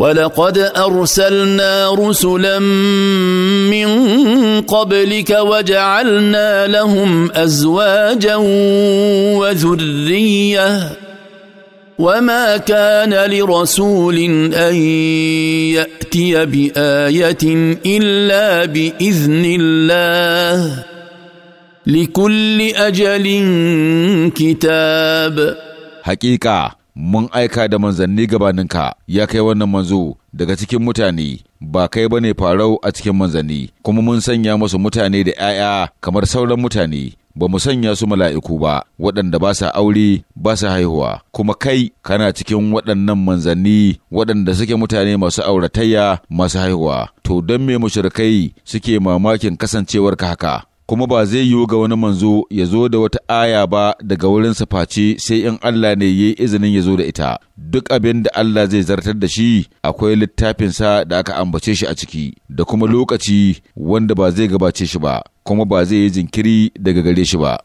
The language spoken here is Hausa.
ولقد ارسلنا رسلا من قبلك وجعلنا لهم ازواجا وذريه وما كان لرسول ان ياتي بايه الا باذن الله لكل اجل كتاب حقيقه mun aika da manzanni gabaninka ya kai wannan manzo daga cikin mutane ba kai ba ne farau a cikin manzanni kuma mun sanya masu mutane da 'ya'ya kamar sauran mutane ba mu sanya su mala'iku ba waɗanda ba sa aure ba sa haihuwa kuma kai kana cikin waɗannan manzanni waɗanda suke mutane masu auratayya masu haihuwa to don me mashirkai suke mamakin kasancewarka haka kuma ba zai yiwu ga wani manzo ya zo da wata aya ba daga wurin face sai in Allah ne ya yi izinin ya zo da ita duk abin da Allah zai zartar da shi akwai littafinsa da aka ambace shi a ciki da kuma lokaci wanda ba zai gabace shi ba kuma ba zai yi jinkiri daga gare shi ba